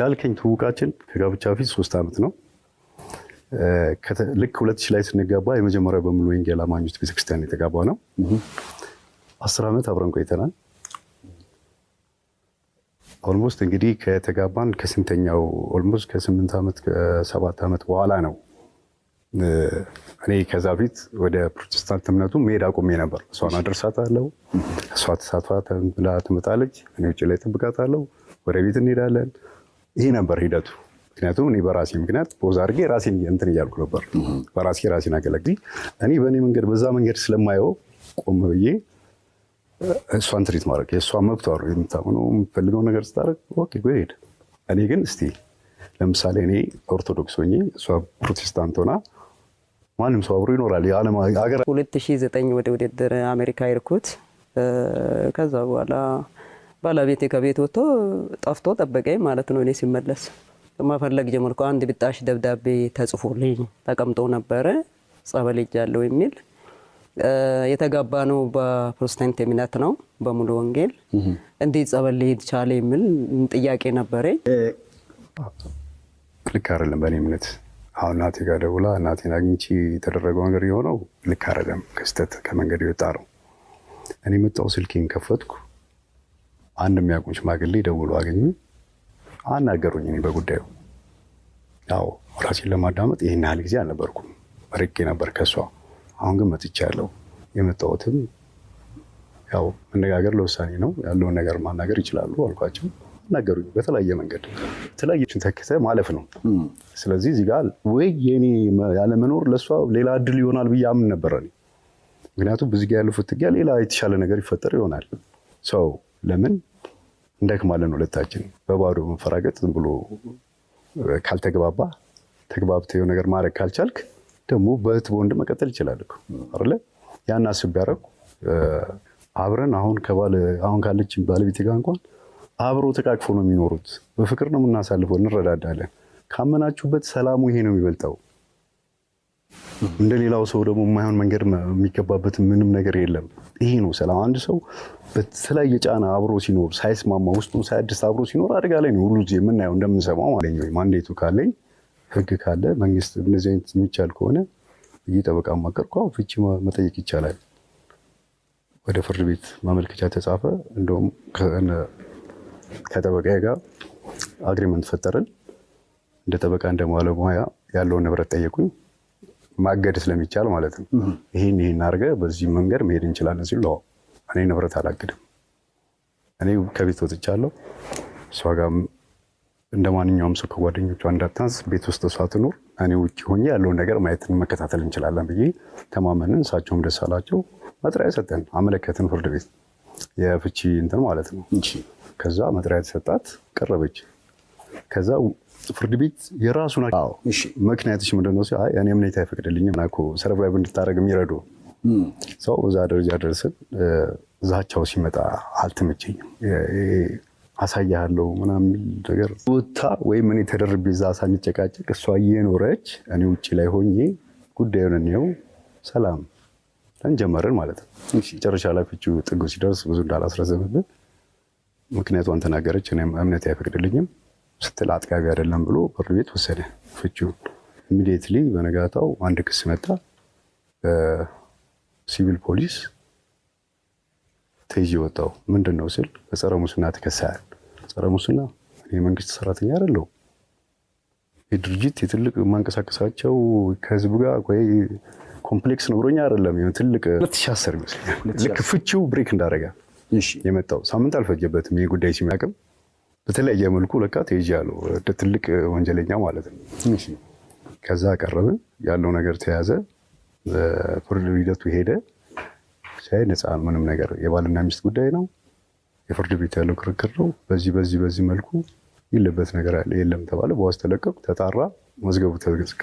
ላልከኝ ትውቃችን ከጋብቻ በፊት ሶስት ዓመት ነው። ልክ ሁለት ሺህ ላይ ስንጋባ የመጀመሪያው በሙሉ ወንጌል አማኞች ቤተክርስቲያን የተጋባ ነው። አስር ዓመት አብረን ቆይተናል። ኦልሞስት እንግዲህ ከተጋባን ከስንተኛው ኦልሞስት ከስምንት ዓመት ከሰባት ዓመት በኋላ ነው። እኔ ከዛ ፊት ወደ ፕሮቴስታንት እምነቱ መሄድ አቁሜ ነበር። እሷን አደርሳታለሁ፣ እሷ ተሳትፋ ትመጣለች፣ እኔ ውጭ ላይ አለው ወደ ቤት እንሄዳለን ይሄ ነበር ሂደቱ። ምክንያቱም እኔ በራሴ ምክንያት ፖዝ አድርጌ ራሴ እንትን እያልኩ ነበር። በራሴ ራሴን አገለግል እኔ በእኔ መንገድ በዛ መንገድ ስለማየው ቆም ብዬ እሷን ትሪት ማድረግ የእሷ መብቷ ነው። የምታምነው የምፈልገው ነገር ስታደርግ ኦኬ ጎ ሄድ። እኔ ግን እስቲ ለምሳሌ እኔ ኦርቶዶክስ ሆኜ እሷ ፕሮቴስታንት ሆና ማንም ሰው አብሮ ይኖራል። የዓለም ሀገር 2009 ወደ ውድድር አሜሪካ ይርኩት ከዛ በኋላ ባለቤቴ ከቤት ወጥቶ ጠፍቶ ጠበቀኝ ማለት ነው። እኔ ሲመለስ መፈለግ ጀመርኩ። አንድ ብጣሽ ደብዳቤ ተጽፎልኝ ተቀምጦ ነበረ ጸበል ሄጃለሁ የሚል የተጋባ ነው። በፕሮቴስታንት እምነት ነው በሙሉ ወንጌል እንዴት ጸበል ሊሄድ ቻለ የሚል ጥያቄ ነበረኝ። ልክ አይደለም በእኔ እምነት። አሁን እናቴ ጋር ደውላ እናቴን አግኝቼ የተደረገው ነገር የሆነው ልክ አይደለም፣ ከስተት ከመንገድ የወጣ ነው። እኔ መጣው ስልኬን ከፈትኩ አንድ የሚያውቁኝ ሽማግሌ ደውሎ አገኙ፣ አናገሩኝ። እኔ በጉዳዩ ያው ራሴን ለማዳመጥ ይህን ያህል ጊዜ አልነበርኩም፣ ርቄ ነበር ከሷ። አሁን ግን መጥቻለሁ። የመጣሁትም ያው መነጋገር ለውሳኔ ነው፣ ያለውን ነገር ማናገር ይችላሉ አልኳቸው። አናገሩኝ፣ በተለያየ መንገድ የተለያየችን ተክተ ማለፍ ነው። ስለዚህ እዚህ ጋር ወይ የኔ ያለመኖር ለእሷ ሌላ እድል ይሆናል ብዬ አምን ነበረ። ምክንያቱም ብዙ ጊዜ ያለፉት ትጊያ ሌላ የተሻለ ነገር ይፈጠር ይሆናል ሰው ለምን እንደክማለን ሁለታችን። በባዶ መፈራገጥ ዝም ብሎ ካልተግባባ ተግባብተው ነገር ማድረግ ካልቻልክ ደግሞ በእህት በወንድ መቀጠል ይችላል አለ ያን አስቤ ያደረኩ አብረን አሁን ከባለ አሁን ካለችን ባለቤት ጋር እንኳን አብሮ ተቃቅፎ ነው የሚኖሩት። በፍቅር ነው የምናሳልፈው፣ እንረዳዳለን። ካመናችሁበት ሰላሙ ይሄ ነው የሚበልጠው። እንደ ሌላው ሰው ደግሞ የማይሆን መንገድ የሚገባበት ምንም ነገር የለም። ይሄ ነው ሰላም። አንድ ሰው በተለያየ ጫና አብሮ ሲኖር ሳይስማማ ውስጡን ሳያድስ አብሮ ሲኖር አደጋ ላይ ነው ሁሉ የምናየው እንደምንሰማው ማለት ማንዴቱ ካለኝ ህግ ካለ መንግስት እነዚህ አይነት የሚቻል ከሆነ እየጠበቃ ማቀርኳ ፍቺ መጠየቅ ይቻላል። ወደ ፍርድ ቤት ማመልከቻ ተጻፈ። እንደውም ከጠበቃ ጋር አግሪመንት ፈጠርን። እንደ ጠበቃ ሙያ ያለውን ንብረት ጠየቁኝ። ማገድ ስለሚቻል ማለት ነው። ይህን ይህን አድርገህ በዚህ መንገድ መሄድ እንችላለን ሲሉ እኔ ንብረት አላግድም። እኔ ከቤት ወጥቻለሁ። እሷ ጋ እንደ ማንኛውም ሰው ከጓደኞቿ እንዳታንስ ቤት ውስጥ እሷ ትኖር፣ እኔ ውጭ ሆኜ ያለውን ነገር ማየትን መከታተል እንችላለን ብዬ ተማመንን። እሳቸውም ደስ አላቸው። መጥሪያ ሰጠን፣ አመለከትን ፍርድ ቤት የፍቺ እንትን ማለት ነው። ከዛ መጥሪያ የተሰጣት ቀረበች። ከዛ ፍርድ ቤት የራሱን ምክንያቶች ምንድን ነው? እኔ እምነት አይፈቅድልኝም ናኮ ሰርቫይቭ እንድታደረግ የሚረዱ ሰው እዛ ደረጃ ደርስን ዛቻው ሲመጣ አልተመቸኝም። አሳያለሁ ምናምን የሚል ነገር ቦታ ወይም እኔ ተደርቤ እዛ ሳንጨቃጨቅ እሷ እየኖረች እኔ ውጭ ላይ ሆኜ ጉዳዩን እኔው ሰላም እንጀመርን ማለት ነው። መጨረሻ ላይ ፍቺው ጥጉ ሲደርስ ብዙ እንዳላስረዘምብን ምክንያቷን ተናገረች። እኔም እምነት አይፈቅድልኝም። ስትል አጥጋቢ አይደለም ብሎ ፍርድ ቤት ወሰደ ፍቺውን። ኢሚዲየትሊ በነጋታው አንድ ክስ መጣ። በሲቪል ፖሊስ ተይዤ ወጣሁ። ምንድን ነው ስል በጸረ ሙስና ተከሳያል። ጸረ ሙስና እኔ የመንግስት ሰራተኛ አይደለሁ። የድርጅት የትልቅ የማንቀሳቀሳቸው ከህዝብ ጋር ወይ ኮምፕሌክስ ኖሮኛ አይደለም። የሆነ ትልቅ 2010 ይመስለኛል ልክ ፍቺው ብሬክ እንዳደረገ የመጣው ሳምንት አልፈጀበትም። ይህ ጉዳይ ሲመቅም በተለያየ መልኩ ለካ ተይዣለሁ ትልቅ ወንጀለኛ ማለት ነው። ከዛ ቀረብን ያለው ነገር ተያዘ፣ ፍርድ ሂደቱ ሄደ። ሳይ ነፃ ምንም ነገር የባልና ሚስት ጉዳይ ነው። የፍርድ ቤት ያለው ክርክር ነው። በዚህ በዚህ በዚህ መልኩ ይለበት ነገር አለ የለም ተባለ። በዋስ ተለቀቁ፣ ተጣራ፣ መዝገቡ ተዘጋ።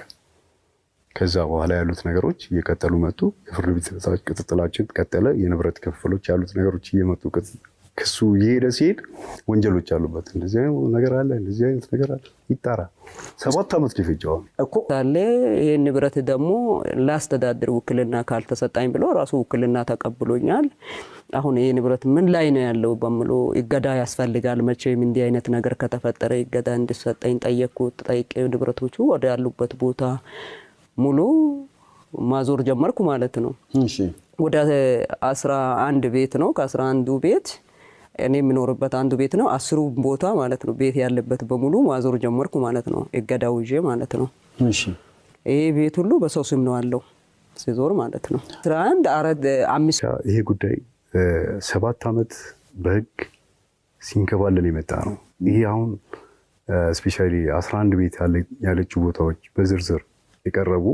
ከዛ በኋላ ያሉት ነገሮች እየቀጠሉ መጡ። የፍርድ ቤት ቅጥጥላችን ቀጠለ። የንብረት ክፍሎች ያሉት ነገሮች እየመጡ ክሱ የሄደ ሲሄድ ወንጀሎች አሉበት። እንደዚህ አይነት ነገር አለ፣ እንደዚህ አይነት ነገር አለ፣ ይጣራ። ሰባት ዓመት ነው እኮ ሳለ ይህ ንብረት ደግሞ ላስተዳድር ውክልና ካልተሰጣኝ ብሎ ራሱ ውክልና ተቀብሎኛል። አሁን ይህ ንብረት ምን ላይ ነው ያለው በምሎ እገዳ ያስፈልጋል። መቼም እንዲህ አይነት ነገር ከተፈጠረ እገዳ እንድሰጠኝ ጠየቅኩት። ጠይቄ ንብረቶቹ ወደ ያሉበት ቦታ ሙሉ ማዞር ጀመርኩ ማለት ነው። ወደ አስራ አንድ ቤት ነው ከአስራ አንዱ ቤት እኔ የምኖርበት አንዱ ቤት ነው። አስሩ ቦታ ማለት ነው ቤት ያለበት በሙሉ ማዞር ጀመርኩ ማለት ነው። እገዳው ይዤ ማለት ነው። ይሄ ቤት ሁሉ በሰው ስም ነው አለው ሲዞር ማለት ነው። አስራ አንድ አምስት ይሄ ጉዳይ ሰባት ዓመት በህግ ሲንከባለል የመጣ ነው። ይሄ አሁን ስፔሻሊ አስራ አንድ ቤት ያለችው ቦታዎች በዝርዝር የቀረቡ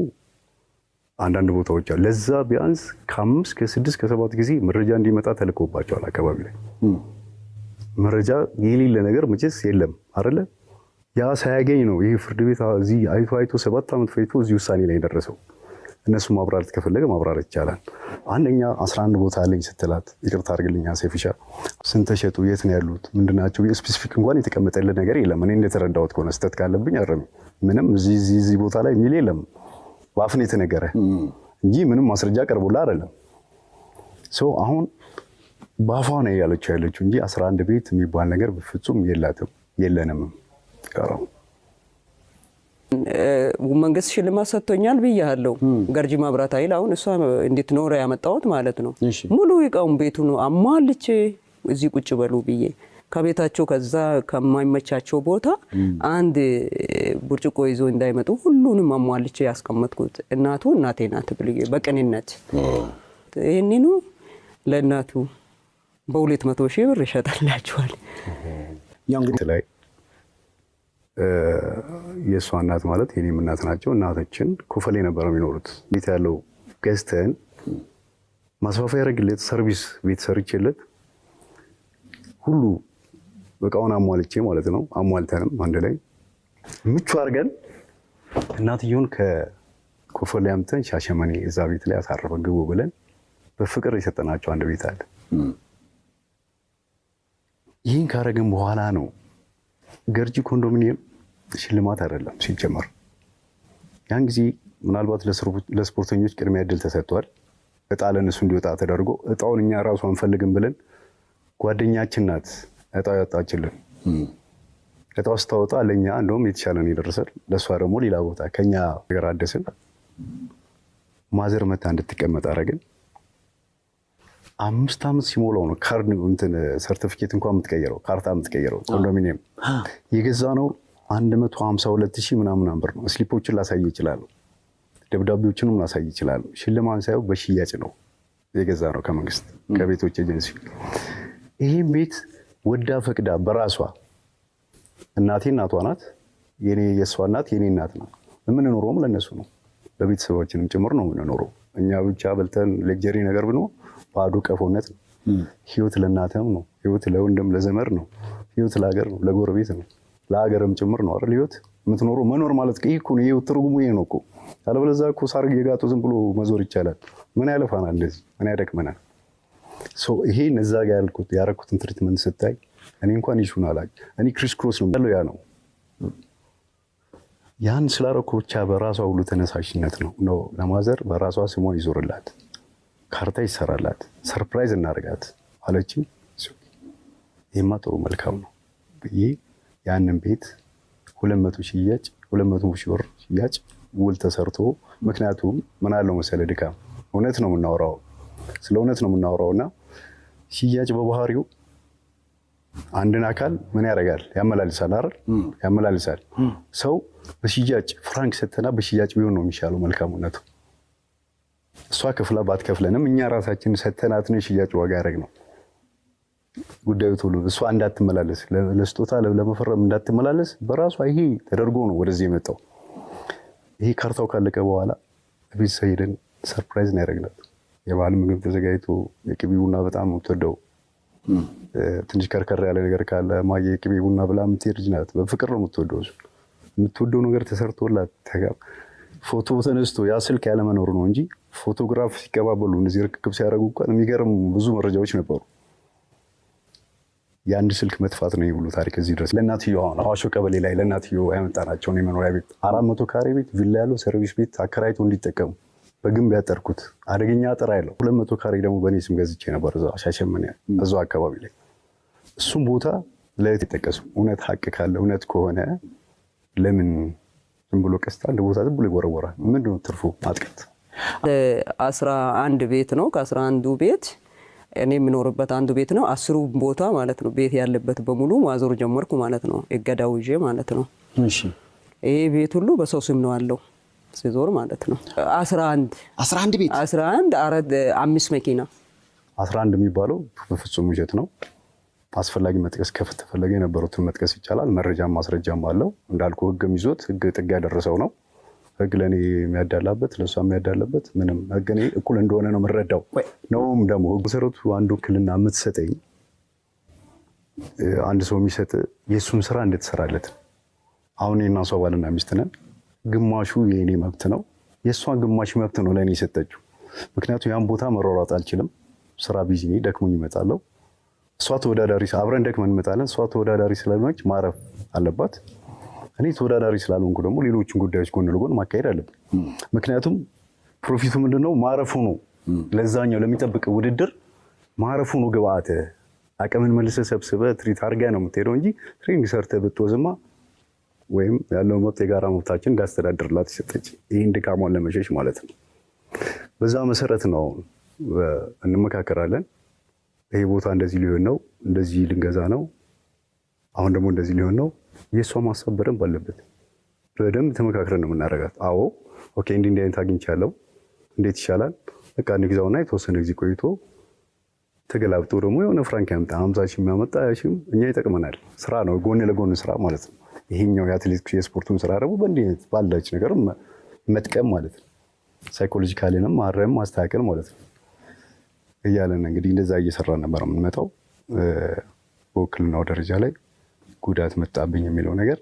አንዳንድ ቦታዎች አሉ። ለዛ ቢያንስ ከአምስት ከስድስት ከሰባት ጊዜ መረጃ እንዲመጣ ተልኮባቸዋል። አካባቢ ላይ መረጃ የሌለ ነገር መቼስ የለም አይደለ? ያ ሳያገኝ ነው ይህ ፍርድ ቤት እዚህ አይቶ አይቶ ሰባት ዓመት ፈይቶ እዚህ ውሳኔ ላይ ደረሰው። እነሱ ማብራርት ከፈለገ ማብራራት ይቻላል። አንደኛ 11 ቦታ አለኝ ስትላት ይቅርታ አድርግልኝ ሰፊሻ ስንተሸጡ የት ነው ያሉት ምንድናቸው? ስፔሲፊክ እንኳን የተቀመጠልን ነገር የለም። እኔ እንደተረዳሁት ከሆነ ስህተት ካለብኝ አረሚ ምንም እዚህ ቦታ ላይ የሚል የለም። በአፍ የተነገረ እንጂ ምንም ማስረጃ ቀርቦላ አይደለም። አሁን በአፏ ነው ያለችው ያለችው እንጂ አስራ አንድ ቤት የሚባል ነገር በፍጹም የላትም የለንም። መንግስት ሽልማት ሰጥቶኛል ብያለሁ። ገርጂ መብራት ኃይል አሁን እሷ እንዴት ኖረ ያመጣሁት ማለት ነው ሙሉ እቃውን ቤቱን አሟልቼ እዚህ ቁጭ በሉ ብዬ ከቤታቸው ከዛ ከማይመቻቸው ቦታ አንድ ብርጭቆ ይዞ እንዳይመጡ ሁሉንም አሟልቼ ያስቀመጥኩት እናቱ እናቴ ናት ብዬ በቅንነት ይህንኑ ለእናቱ በሁለት መቶ ሺህ ብር ይሸጣላችኋል። ላይ የእሷ እናት ማለት የኔም እናት ናቸው። እናቶችን ኮፈሌ ነበር የሚኖሩት። ቤት ያለው ገዝተን ማስፋፋ ያደረግለት ሰርቪስ ቤት ሰርችለት ሁሉ እቃውን አሟልቼ ማለት ነው። አሟልተንም አንድ ላይ ምቹ አድርገን እናትየውን ከኮፈሌ አምጥተን ሻሸመኔ እዛ ቤት ላይ አሳረፈ ግቡ ብለን በፍቅር የሰጠናቸው አንድ ቤት አለ። ይህን ካረግን በኋላ ነው ገርጂ ኮንዶሚኒየም ሽልማት አይደለም ሲጀመር። ያን ጊዜ ምናልባት ለስፖርተኞች ቅድሚያ እድል ተሰጥቷል። እጣ ለእነሱ እንዲወጣ ተደርጎ እጣውን እኛ ራሱ አንፈልግም ብለን ጓደኛችን ናት እጣ ያወጣችልን እጣ ውስጥ ታወጣ ለእኛ እንደውም የተሻለ ነው የደረሰን፣ ለእሷ ደግሞ ሌላ ቦታ ከኛ ነገር አደስን። ማዘር መታ እንድትቀመጥ አደረግን። አምስት ዓመት ሲሞላው ነው ካርድ እንትን ሰርቲፊኬት እንኳን የምትቀየረው ካርታ የምትቀየረው ኮንዶሚኒየም የገዛ ነው። አንድ መቶ ሀምሳ ሁለት ሺህ ምናምን ብር ነው። ስሊፖችን ላሳይ ይችላሉ፣ ደብዳቤዎችንም ላሳይ ይችላሉ። ሽልማን ሳይሆን በሽያጭ ነው የገዛ ነው ከመንግስት ከቤቶች ኤጀንሲ ይህም ቤት ወዳ ፈቅዳ በራሷ እናቴ እናቷ ናት። የኔ የእሷ እናት የኔ እናት ነው። የምንኖረውም ለእነሱ ነው። ለቤተሰባችንም ጭምር ነው የምንኖረው። እኛ ብቻ በልተን ለጀሪ ነገር ብኖ ባዶ ቀፎነት ነው። ህይወት ለእናተም ነው። ህይወት ለወንድም ለዘመድ ነው። ህይወት ለሀገር ነው፣ ለጎረቤት ነው፣ ለሀገርም ጭምር ነው አይደል? ህይወት የምትኖረው መኖር ማለት ይህ እኮ ነው። ይህ ትርጉሙ ይሄ ነው እኮ። ያለበለዚያ እኮ ሳር እየጋጡ ዝም ብሎ መዞር ይቻላል። ምን ያለፋናል? እንደዚህ ምን ያደክመናል? ይሄ እዛ ጋ ያልኩት ያረኩትን ትሪትመንት ስታይ እኔ እንኳን ይሹን አላ እኔ ክሪስ ክሮስ ነው ያለው ያ ነው ያን ስላረኩ ብቻ በራሷ ሁሉ ተነሳሽነት ነው ነው ለማዘር በራሷ ስሟ ይዞርላት፣ ካርታ ይሰራላት፣ ሰርፕራይዝ እናርጋት አለችኝ። ይህማ ጥሩ መልካም ነው ብዬ ያንን ቤት ሁለት መቶ ሽያጭ ሁለት መቶ ሺህ ብር ሽያጭ ውል ተሰርቶ ምክንያቱም ምን አለው መሰለ ድካም እውነት ነው የምናወራው ስለ እውነት ነው የምናወራው እና ሽያጭ በባህሪው አንድን አካል ምን ያደርጋል? ያመላልሳል አይደል? ያመላልሳል። ሰው በሽያጭ ፍራንክ ሰተና በሽያጭ ቢሆን ነው የሚሻለው መልካሙነቱ። እሷ ክፍላ ባትከፍለንም እኛ ራሳችን ሰተናት ነው የሽያጭ ዋጋ ያደረግ ነው ጉዳዩ ቶሎ እሷ እንዳትመላለስ ለስጦታ ለመፈረም እንዳትመላለስ በራሷ ይሄ ተደርጎ ነው ወደዚህ የመጣው። ይሄ ካርታው ካለቀ በኋላ ቤተሰብ ሄደን ሰርፕራይዝ ነው ያደረግናት። የባህል ምግብ ተዘጋጅቶ የቅቤ ቡና በጣም የምትወደው ትንሽ ከርከር ያለ ነገር ካለ ማየ የቅቤ ቡና ብላ የምትሄድ ልጅ ናት። በፍቅር ነው የምትወደው። የምትወደው ነገር ተሰርቶላት ፎቶ ተነስቶ ያ ስልክ ያለመኖር ነው እንጂ ፎቶግራፍ ሲቀባበሉ እነዚህ ርክክብ ሲያደርጉ እንኳን የሚገርም ብዙ መረጃዎች ነበሩ። የአንድ ስልክ መጥፋት ነው ብሎ ታሪክ እዚህ ድረስ ለእናትዮ አሁን አዋሾ ቀበሌ ላይ ለእናትዮ ያመጣናቸውን የመኖሪያ ቤት አራት መቶ ካሬ ቤት ቪላ ያለው ሰርቪስ ቤት አከራይቶ እንዲጠቀሙ በግንብ ያጠርኩት አደገኛ አጥር አለው። ሁለት መቶ ካሬ ደግሞ በእኔ ስም ገዝቼ ነበር ሻሸመኔ እዛ አካባቢ ላይ እሱም ቦታ ለየት የጠቀሱ እውነት ሀቅ ካለ እውነት ከሆነ ለምን ዝም ብሎ ቀስታ አንድ ቦታ ዝም ብሎ ይወረወራል? ምንድነው ትርፉ? ማጥቀት አስራ አንድ ቤት ነው። ከአስራ አንዱ ቤት እኔ የምኖርበት አንዱ ቤት ነው። አስሩ ቦታ ማለት ነው ቤት ያለበት በሙሉ ማዞር ጀመርኩ ማለት ነው። እገዳው ይዤ ማለት ነው። ይሄ ቤት ሁሉ በሰው ስም ነው አለው ሲዞር ማለት ነው። አስራ አንድ ቤት አስራ አንድ አምስት መኪና አስራ አንድ የሚባለው በፍጹም ውሸት ነው። አስፈላጊ መጥቀስ ከተፈለገ የነበሩትን መጥቀስ ይቻላል። መረጃም ማስረጃም አለው። እንዳልኩ ህግም ይዞት ህግ ጥግ ያደረሰው ነው። ህግ ለእኔ የሚያዳላበት ለእሷ የሚያዳላበት ምንም ህግ እኔ እኩል እንደሆነ ነው የምረዳው። ነውም ደግሞ ህግ መሰረቱ አንዱ ውክልና የምትሰጠኝ አንድ ሰው የሚሰጥ የእሱም ስራ እንደተሰራለት አሁን የእናሷ ባልና ሚስት ነን ግማሹ የእኔ መብት ነው፣ የእሷን ግማሽ መብት ነው ለእኔ የሰጠችው። ምክንያቱም ያን ቦታ መሯሯጥ አልችልም፣ ስራ ቢዚ ነኝ፣ ደክሞኝ እመጣለሁ። እሷ ተወዳዳሪ አብረን ደክመን እንመጣለን። እሷ ተወዳዳሪ ስለሆነች ማረፍ አለባት። እኔ ተወዳዳሪ ስላልሆንኩ ደግሞ ሌሎችን ጉዳዮች ጎን ለጎን ማካሄድ አለብን። ምክንያቱም ፕሮፊቱ ምንድነው? ማረፉ ነው። ለዛኛው ለሚጠብቅ ውድድር ማረፉ ነው ግብአት አቅምን መልሰ ሰብስበ ትሪት አድርጋ ነው የምትሄደው እንጂ ትሬኒንግ ሰርተ ብትወዝማ ወይም ያለው መብት የጋራ መብታችን እንዳስተዳድርላት ይሰጠች። ይህን ድካሟን ለመሸሽ ማለት ነው። በዛ መሰረት ነው እንመካከራለን። ይህ ቦታ እንደዚህ ሊሆን ነው፣ እንደዚህ ልንገዛ ነው፣ አሁን ደግሞ እንደዚህ ሊሆን ነው። የእሷ ሀሳብ በደንብ አለበት። በደንብ ተመካክረን ነው የምናደርጋት። አዎ ኦኬ፣ እንዲህ እንዲህ አይነት አግኝቻለሁ፣ እንዴት ይሻላል? በቃ ንግዛውና የተወሰነ ጊዜ ቆይቶ ተገላብጦ ደግሞ የሆነ ፍራንክ ያምጣ፣ ሀምሳ ሺህ የሚያመጣ እኛ ይጠቅመናል። ስራ ነው፣ ጎን ለጎን ስራ ማለት ነው። ይሄኛው የአትሌቲክስ የስፖርቱን ስራ ደግሞ በእንዲህ አይነት ነገር መጥቀም ማለት ነው። ሳይኮሎጂካሊንም ማረም ማስተካከል ማለት ነው እያለን እንግዲህ እንደዛ እየሰራ ነበር የምንመጣው። በውክልናው ደረጃ ላይ ጉዳት መጣብኝ የሚለው ነገር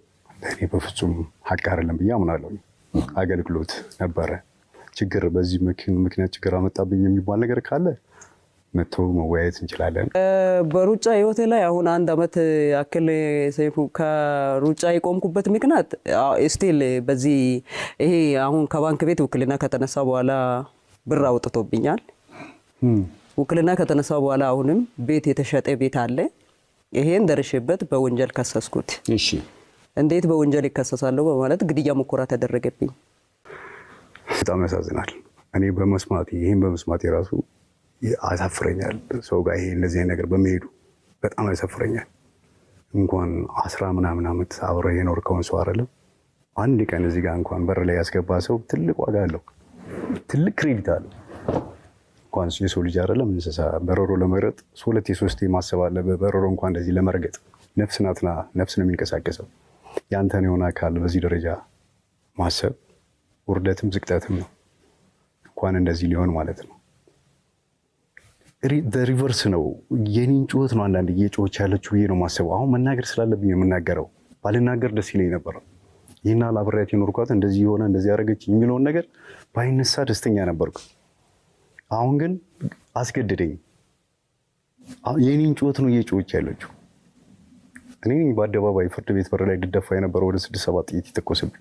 እኔ በፍጹም ሀቅ አይደለም ብዬ አምናለሁ። አገልግሎት ነበረ። ችግር በዚህ ምክንያት ችግር አመጣብኝ የሚባል ነገር ካለ መቶ መወያየት እንችላለን። በሩጫ ህይወቴ ላይ አሁን አንድ አመት ያክል ሰይፉ ከሩጫ የቆምኩበት ምክንያት ስቲል በዚህ ይሄ አሁን ከባንክ ቤት ውክልና ከተነሳ በኋላ ብር አውጥቶብኛል። ውክልና ከተነሳ በኋላ አሁንም ቤት የተሸጠ ቤት አለ። ይሄን ደርሽበት በወንጀል ከሰስኩት። እሺ እንዴት በወንጀል ይከሰሳለሁ በማለት ግድያ ሙከራ ተደረገብኝ። በጣም ያሳዝናል። እኔ በመስማት ይህን በመስማት የራሱ ያሳፍረኛል። ሰው ጋር ይሄ እንደዚህ ነገር በመሄዱ በጣም ያሳፍረኛል። እንኳን አስራ ምናምን ዓመት አብረህ የኖርከውን ሰው አይደለም አንድ ቀን እዚህ ጋር እንኳን በር ላይ ያስገባ ሰው ትልቅ ዋጋ አለው፣ ትልቅ ክሬዲት አለው። እንኳን የሰው ልጅ አይደለም እንስሳ። በረሮ ለመረጥ ሁለት የሶስት ማሰብ አለ። በበረሮ እንኳን እንደዚህ ለመርገጥ ነፍስ ናትና ነፍስ ነው የሚንቀሳቀሰው። ያንተን የሆነ አካል በዚህ ደረጃ ማሰብ ውርደትም ዝቅጠትም ነው። እንኳን እንደዚህ ሊሆን ማለት ነው። ሪቨርስ ነው። የኔን ጩኸት ነው አንዳንድ እየጮኸች ያለችው ብዬ ነው የማስበው። አሁን መናገር ስላለብኝ የምናገረው ባልናገር ደስ ይለኝ ነበር። ይህና ላብሬያት የኖርኳት እንደዚህ የሆነ እንደዚህ ያደረገች የሚለውን ነገር ባይነሳ ደስተኛ ነበርኩ። አሁን ግን አስገደደኝ። የኔን ጩኸት ነው እየጮኸች ያለችው። እኔ በአደባባይ ፍርድ ቤት በር ላይ ድደፋ የነበረ ወደ ስድስት ሰባት ጥይት የተኮሰብኝ